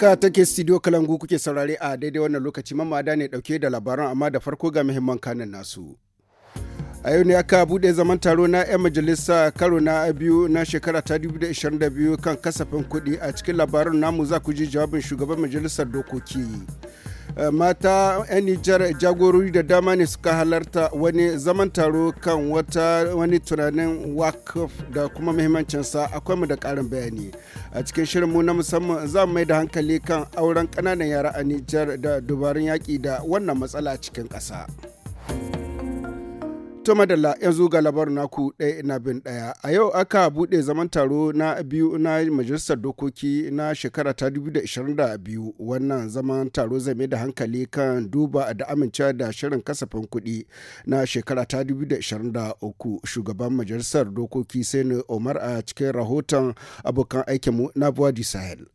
Haka take studio Kalangu kuke saurare a daidai wannan lokaci mamada ne dauke da labaran amma da farko ga muhimman kanin nasu. a yau ne aka bude zaman taro na 'yan majalisa karo na biyu na shekara ta 2022 kan kasafin kuɗi a cikin labarin namu za ku ji jawabin shugaban majalisar dokoki Eh, mata 'yan nijar jagorori da dama ne suka halarta wani zaman taro kan wata wani tunanin wakaf da kuma muhimmancinsa akwai mu da karin bayani a cikin mu na musamman za mai da hankali kan auren ƙananan yara a nijar da dubarun yaƙi da wannan matsala cikin ƙasa. To madalla yanzu ga labarin naku ɗaya ina bin ɗaya. A yau aka buɗe zaman taro na biyu na majalisar dokoki na shekara ta 2022 wannan zaman taro zai mai da hankali kan duba da amince da shirin kasafin kuɗi na shekara ta 2023 shugaban majalisar dokoki sai Omar a cikin rahoton abokan aikinmu na Buwadi Sahel.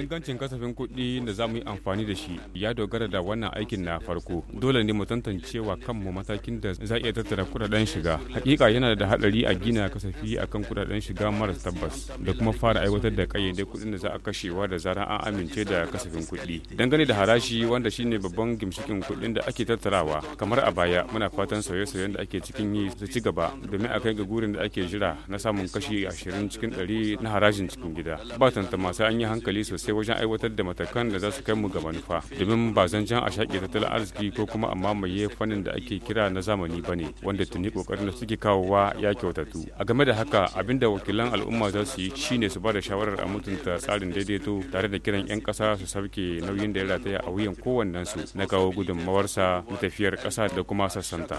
Ingancin kasafin kuɗi da za mu yi amfani da shi ya dogara da wannan aikin na farko. Dole ne mu tantancewa wa kanmu matakin da za iya tattara kudaden shiga. Hakika yana da hadari a gina kasafi akan kudaden shiga maras tabbas da kuma fara aiwatar da kayyade kuɗin da za a kashewa da zarar an amince da kasafin kuɗi. Dangane da harashi wanda shine babban gimshikin kuɗin da ake tattarawa kamar a baya muna fatan sauye-sauyen da ake cikin yi su ci gaba domin a kai ga gurin da ake jira na samun kashi ashirin cikin ɗari na harajin cikin gida ba tantama sai an yi hankali sosai wajen aiwatar da matakan da za su kai mu ga manufa domin ba zancen a shaƙe tattalin arziki ko kuma a mamaye fannin da ake kira na zamani ba ne wanda tuni ƙoƙarin da suke kawowa ya kyautatu a game da haka abin da wakilan al'umma za su yi ne su ba da shawarar a mutunta tsarin daidaito tare da kiran 'yan ƙasa su sauke nauyin da ya rataya a wuyan kowannensu na kawo gudunmawarsa na tafiyar ƙasa da kuma sassanta.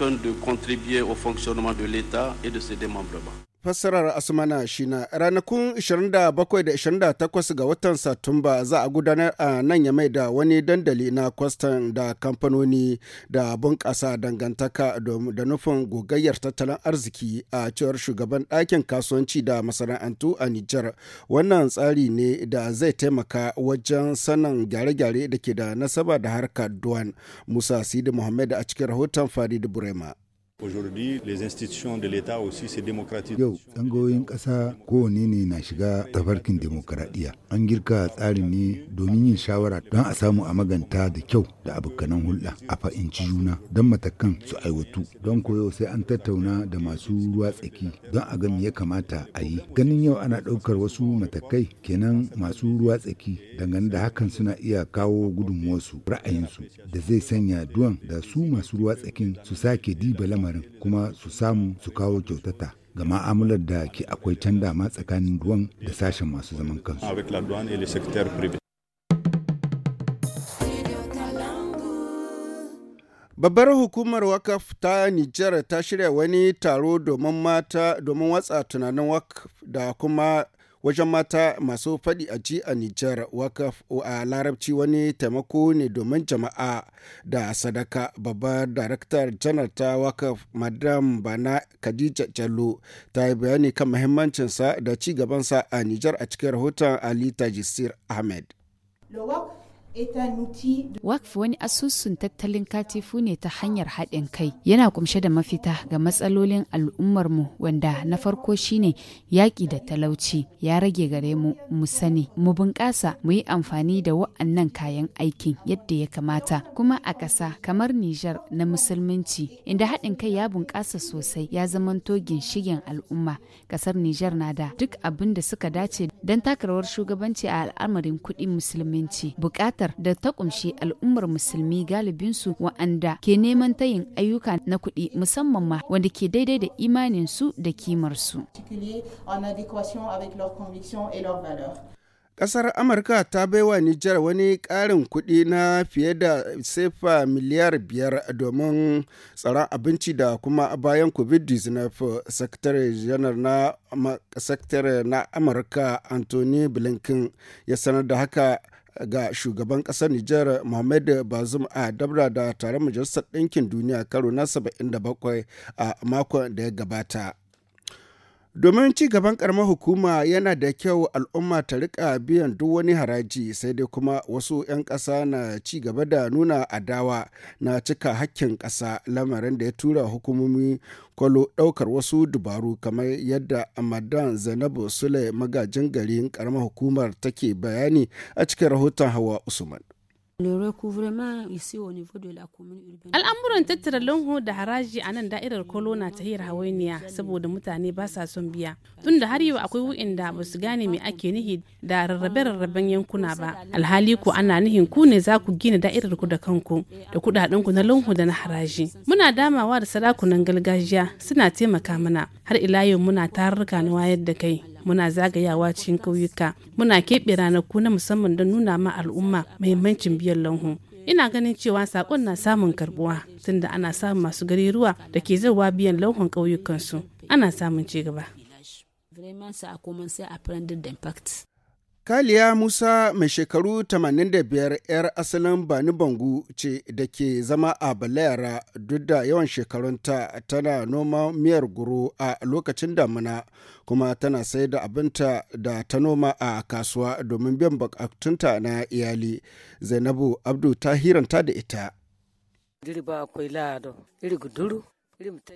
fassarar asmana shina ranakun 27 da 28 ga watan satumba za a gudanar a nan ya mai da wani dandali na kwastan da kamfanoni da bunƙasa dangantaka da nufin gogayyar tattalin arziki a cewar shugaban ɗakin kasuwanci da masana'antu a nijar wannan tsari ne da zai taimaka wajen sanin gyare-gyare da ke da nasaba da harkar duwan musa sidi muhammad a cikin rahoton farid burema Yau tsangoyin ƙasa kowane ne na shiga tafarkin demokuraɗiyya. An girka tsarin ne domin yin shawara don a samu a maganta da kyau da abokanan hulɗa a fa'inci juna don matakan su aiwatu. Don koyo sai an tattauna da masu ruwa tsaki don a ga ya kamata a yi. Ganin yau ana ɗaukar wasu matakai kenan masu ruwa tsaki dangane da hakan suna iya kawo gudunmuwarsu ra'ayinsu da zai sanya duwan da su masu ruwa tsakin su sake diba lamarin lamarin kuma su samu su kawo kyautata ga ma'amalar da ke akwai can dama tsakanin duwan da sashen masu zaman kansu. Babbar hukumar wakaf ta Nijar ta shirya wani taro domin mata domin watsa tunanin wakaf da kuma wajen mata masu faɗi a ji a Nijar wakaf a larabci wani taimako ne domin jama'a da sadaka babbar daraktar janar ta wakaf madam bana Khadija jalo ta yi bayani kan muhimmancinsa da ci gabansa a Nijar a cikin rahoton Ali Tajisir Ahmed. Wakf wani asusun tattalin katifu ne ta hanyar haɗin kai. Yana kumshe da mafita ga matsalolin al'ummarmu wanda na farko shine yaƙi da talauci ya rage gare mu mu sani mu bunƙasa mu yi amfani da wa'annan kayan aikin yadda ya kamata kuma a ƙasa kamar Nijar na musulminci inda haɗin kai ya bunƙasa sosai ya zamanto shigen al'umma ƙasar Nijar na da duk abin da suka dace don takarwar shugabanci a al'amarin kuɗin musulminci buƙatar ƙasar da ta ƙumshi al'ummar musulmi galibinsu wa'anda ke neman tayin ayyuka na kuɗi musamman ma wanda ke daidai da imaninsu da kimarsu. Ƙasar Amurka ta baiwa Nijar wani ƙarin kuɗi na fiye da sefa miliyar biyar domin tsaron abinci da kuma bayan COVID-19 sakitare janar na Sakatare na Amurka Anthony Blinken ya sanar da haka ga shugaban ƙasar Nijar Mohamed Bazoum a dabra da taron Majalisar Ɗinkin Duniya karo na 77 a makon da ya gabata. Domin ci gaban karamar hukuma yana da kyau al'umma ta rika biyan duk wani haraji sai dai kuma wasu 'yan ƙasa na ci gaba da nuna adawa na cika hakkin ƙasa lamarin da ya tura hukumomi kwalo ɗaukar wasu dubaru kamar yadda Amadan Zainabu Sule magajin garin karamar hukumar take bayani a cikin rahoton Hawa Usman. Al'amuran tattara lungu da haraji a nan da'irar Kolo na tahiyar hawainiya saboda mutane ba sa son biya. Tunda har yau akwai da ba su gane me ake nihi da rarrabe-rarraben yankuna ba. Alhali ku ana nihin ku ne za ku gina da'irar ku da kanku da kudaden ku na lungu da na haraji. Muna damawa da sarakunan gargajiya suna taimaka mana har ila yau muna tarurruka na wayar da kai. muna zagayawa cikin ƙauyuka muna keɓe ranaku na musamman don nuna ma al'umma muhimmancin biyan lanhu ina ganin cewa sakon na samun karbuwa tunda ana samun masu gariruwa da ke zarwa biyan lauhun ƙauyukansu ana samun ci gaba. Kaliya Musa mai shekaru 85 'yar asalin Bani Bangu ce da ke zama a Balayara duk da yawan shekarunta tana noma miyar guro a lokacin damuna kuma tana sai da abinta da ta noma a kasuwa domin biyan bukatunta na iyali. Zainabu Abdu ta hiranta da ita. Diri ba akwai lado, iri guduru.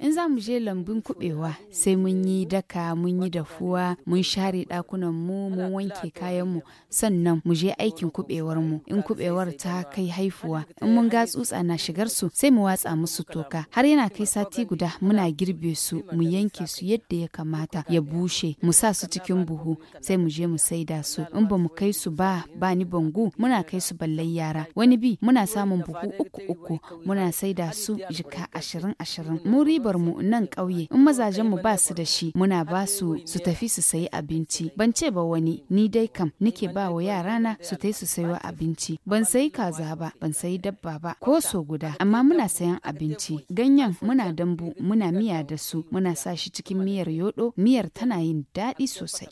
In za mu je lambun kubewa sai mun yi daka mun yi dafuwa mun share dakunan mu mun wanke kayan mu sannan mu je aikin kubewar mu in kubewar ta kai haifuwa in mun ga tsutsa na shigar su sai mu watsa musu toka har yana kai sati guda muna girbe su mu yanke su yadda ya kamata ya bushe mu sa su cikin buhu sai mu je mu saida su in ba mu kai su ba ba ni bangu muna kai su ballai yara wani bi muna samun buhu uku uku muna saida su jika ashirin ashirin mun ribar mu nan ƙauye in mazajen mu ba su da shi muna ba su su tafi su sayi abinci ban ce ba wani ni dai kam nike ba wa yarana su tai su sayo abinci ban sayi kaza ba ban sayi dabba ba ko so guda amma muna sayan abinci ganyen muna dambu muna miya da su muna sa shi cikin miyar yodo miyar tana yin daɗi sosai.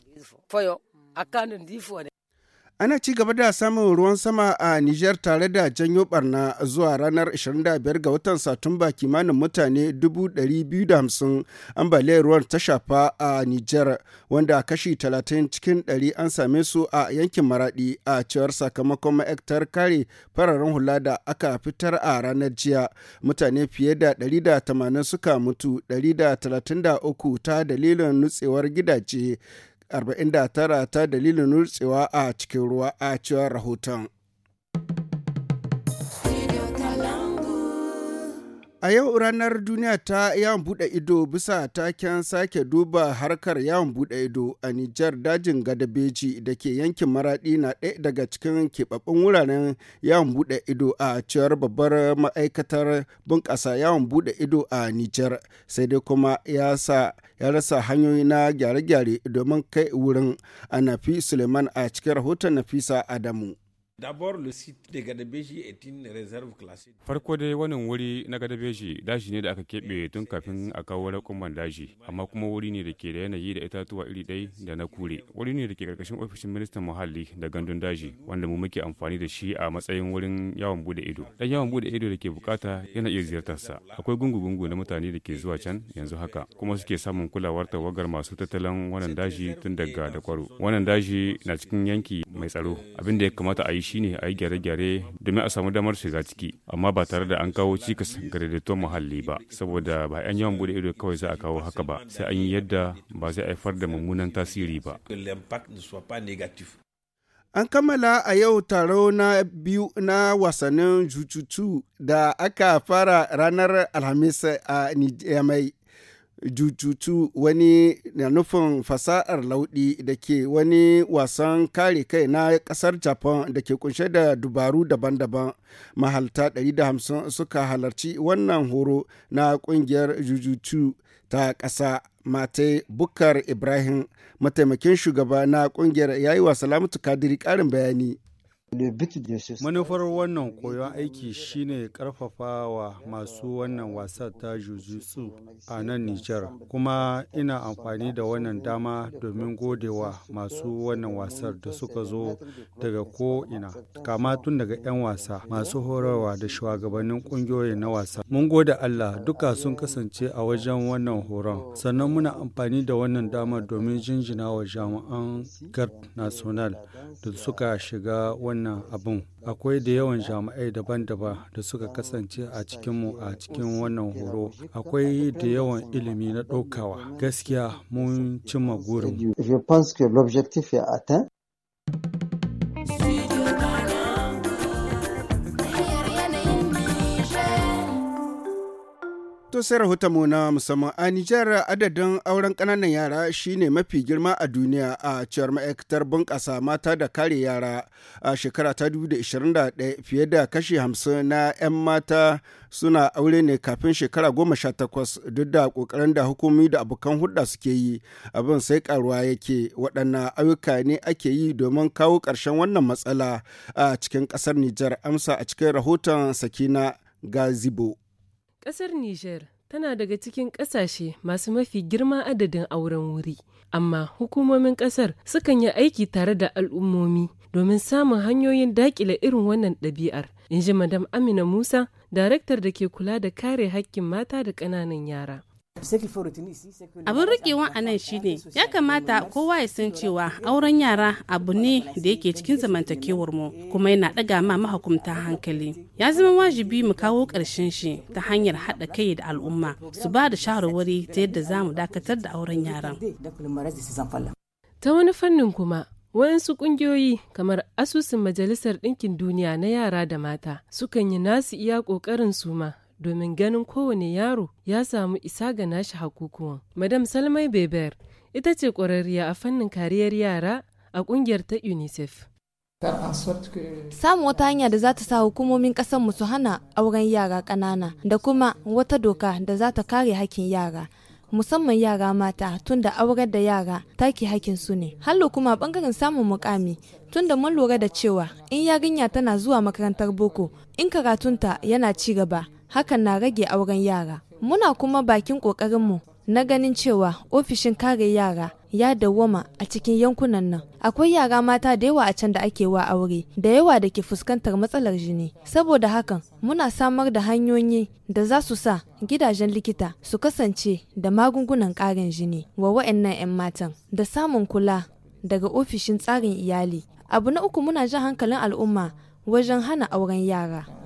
Ana ci gaba da samun ruwan sama a Niger tare da janyo barna zuwa ranar 25 ga watan Satumba kimanin mutane 250 ambaliyar ruwan ta shafa a Niger, wanda kashi 30 cikin 100 an same su a yankin Maradi a cewar sakamakon ma'aikatar kare fararen hula da aka fitar a ranar jiya. Mutane fiye da 180 suka mutu 133 ta dalilin nutsewar gidaje 49 ta dalilin nutsewa a cikin ruwa a cewar rahoton. A yau ranar duniya ta yawon buɗe ido bisa taken sake duba harkar yawon buɗe ido a Nijar dajin Gadabeji da ke yankin Maraɗi na ɗaya daga cikin keɓaɓɓun wuraren yawon buɗe ido a cewar babbar ma'aikatar bunƙasa yawon buɗe ido a Nijar sai dai kuma ya sa ya rasa hanyoyi na gyare-gyare domin kai wurin a nafi suleiman a cikin rahoton nafisa adamu Farko dai wannan wuri na Gadabeji daji ne da aka keɓe tun kafin a kawo rakuman daji, amma kuma wuri ne da ke da yanayi da itatuwa iri ɗai da na kure. Wuri ne da ke karkashin ofishin ministan muhalli da gandun daji, wanda mu muke amfani da shi a matsayin wurin yawon bude ido. Dan yawon bude ido da ke bukata yana iya ziyartarsa. Akwai gungu-gungu na mutane da ke zuwa can yanzu haka, kuma suke samun kulawar tawagar masu tattalin wannan daji tun daga da kwaro. Wannan daji na cikin yanki mai tsaro, abin da ya kamata a yi shine a yi gyare-gyare domin a samu damar shiga ciki amma ba tare da an kawo cikas ga daidaiton muhalli ba saboda ba 'yan yawan bude ido kawai za a kawo haka ba sai an yi yadda ba zai haifar da mummunan tasiri ba An kammala a yau taro na biyu na wasannin jujutu da aka fara ranar Alhamis a Nijamai. jujutu wani na nufin fasa'ar lauɗi da ke wani wasan kare kai na ƙasar japan da ke kunshe da dubaru daban-daban mahalta 150 suka halarci wannan horo na ƙungiyar jujutu ta ƙasa mate bukar ibrahim mataimakin shugaba na ƙungiyar yayi wa salamatu kadiri ƙarin bayani Manufar wannan koyon aiki shine karfafa wa masu wannan wasa ta jujutsu a nan Nijar, kuma ina amfani da wannan dama domin godewa masu wannan wasar da suka zo daga ko'ina, kama tun daga 'yan wasa, masu horarwa da shugabannin kungiyoyi na wasa. Mun gode Allah duka sun kasance a wajen wannan horon, sannan muna amfani da wannan dama domin jinjina wa jami'an Gard National da suka shiga wannan wannan abin akwai da yawan jami'ai daban-daban da suka kasance a cikinmu a cikin wannan horo akwai da yawan ilimi na ɗaukawa gaskiya mun cimma gurin To sai mu na musamman a Nijar adadin auren ƙananan yara shine mafi girma a duniya a cewar ma'aikatar bunƙasa mata da kare yara a shekara ta 2021 fiye da kashi 50 na 'yan mata suna aure ne kafin shekara 18 duk da ƙoƙarin da hukumi da abokan hulɗa suke yi abin sai karuwa yake waɗannan ayyuka ne ake yi domin kawo ƙarshen wannan matsala a cikin ƙasar Nijar amsa a cikin rahoton Sakina Gazibo. Ƙasar Nijar tana daga cikin ƙasashe masu mafi girma adadin auren wuri, amma hukumomin ƙasar sukan yi aiki tare da al'ummomi domin samun hanyoyin daƙile irin wannan ɗabi'ar, in ji Madam Amina Musa, daraktar da ke kula da kare haƙƙin mata da ƙananan yara. Abin rikewa anan nan shine ya kamata kowa ya san cewa auren yara abu ne da yake cikin zamantakewar mu kuma yana ɗaga ma mahukunta hankali. Ya zama wajibi mu kawo ƙarshen shi ta hanyar haɗa kai da al'umma su ba da shawarwari ta yadda za mu dakatar da auren yaran. Ta wani fannin kuma Wayansu ƙungiyoyi kamar asusun Majalisar Ɗinkin Duniya na yara da mata sukan yi nasu iya ƙoƙarin suma domin ganin kowane yaro ya samu isa ga nashi hakukuwan. Madam Salmai Beber ita ce ƙwararriya a fannin kariyar yara a ƙungiyar ta UNICEF. Samun wata hanya da za ta sa hukumomin mu su hana auren yara ƙanana da kuma wata doka da za ta kare hakkin yara. musamman yara mata tunda aurar da yara take hakin su ne hallo kuma bangaren samun mukami tunda mun lura da cewa in yarinya tana zuwa makarantar boko in karatunta yana ci gaba hakan na rage auren yara. Muna kuma bakin ƙoƙarinmu na ganin cewa ofishin kare yara ya dawwama a cikin yankunan nan. Akwai yara mata da yawa a can da ake wa aure, da yawa da ke fuskantar matsalar jini. Saboda hakan, muna samar da hanyoyi da za su sa gidajen likita su kasance da magungunan ƙarin jini wa wa'annan 'yan matan, da samun kula daga ofishin tsarin iyali. Abu na uku muna jin hankalin al'umma wajen hana auren yara.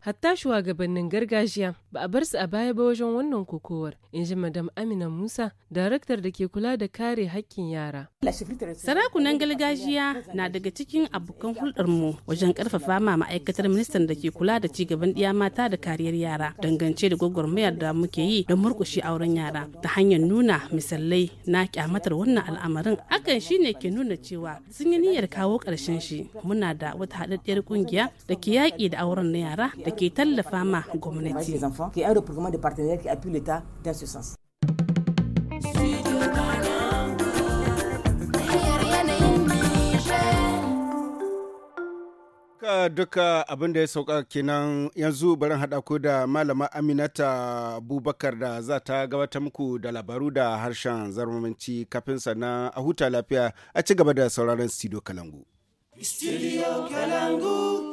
Hatta shugabannin gargajiya ba a bar su a baya ba wajen wannan kokowar, in ji Madam Amina Musa, daraktar da ke kula da kare hakkin yara. Sarakunan gargajiya na daga cikin abokan hulɗarmu wajen ƙarfafa ma ma'aikatar ministan da ke kula da ci gaban ɗiya mata da kariyar yara dangance da gwagwarmayar da muke yi don murƙushe auren yara ta hanyar nuna misalai na kyamatar wannan al'amarin akan shine ke nuna cewa sun yi niyyar kawo ƙarshen shi muna da wata haɗaɗɗiyar ƙungiya da ke yaƙi da auren na yara da ke tallafa ma gwamnati. duka duka abin da ya sauka kenan yanzu barin haɗa ko da malama aminata abubakar da za ta gabata muku da labaru da harshen zarmaminci kafin sannan a huta lafiya a ci gaba da sauraron studio kalangu studio kalangu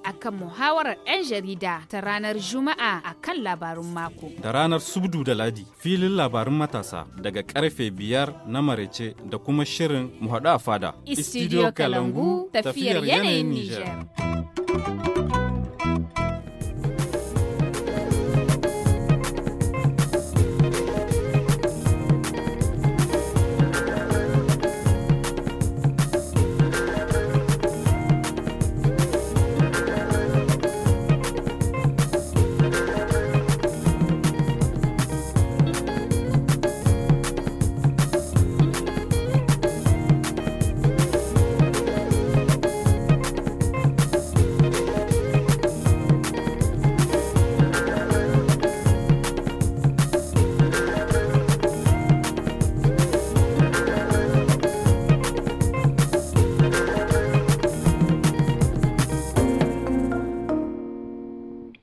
akan muhawarar 'yan jarida ta ranar Juma'a akan labarun mako. Da ranar Subdu da Ladi filin labarun matasa daga karfe biyar na marece da kuma shirin muhadu a fada. Istidiyo Kalangu tafiyar yanayin Nijar.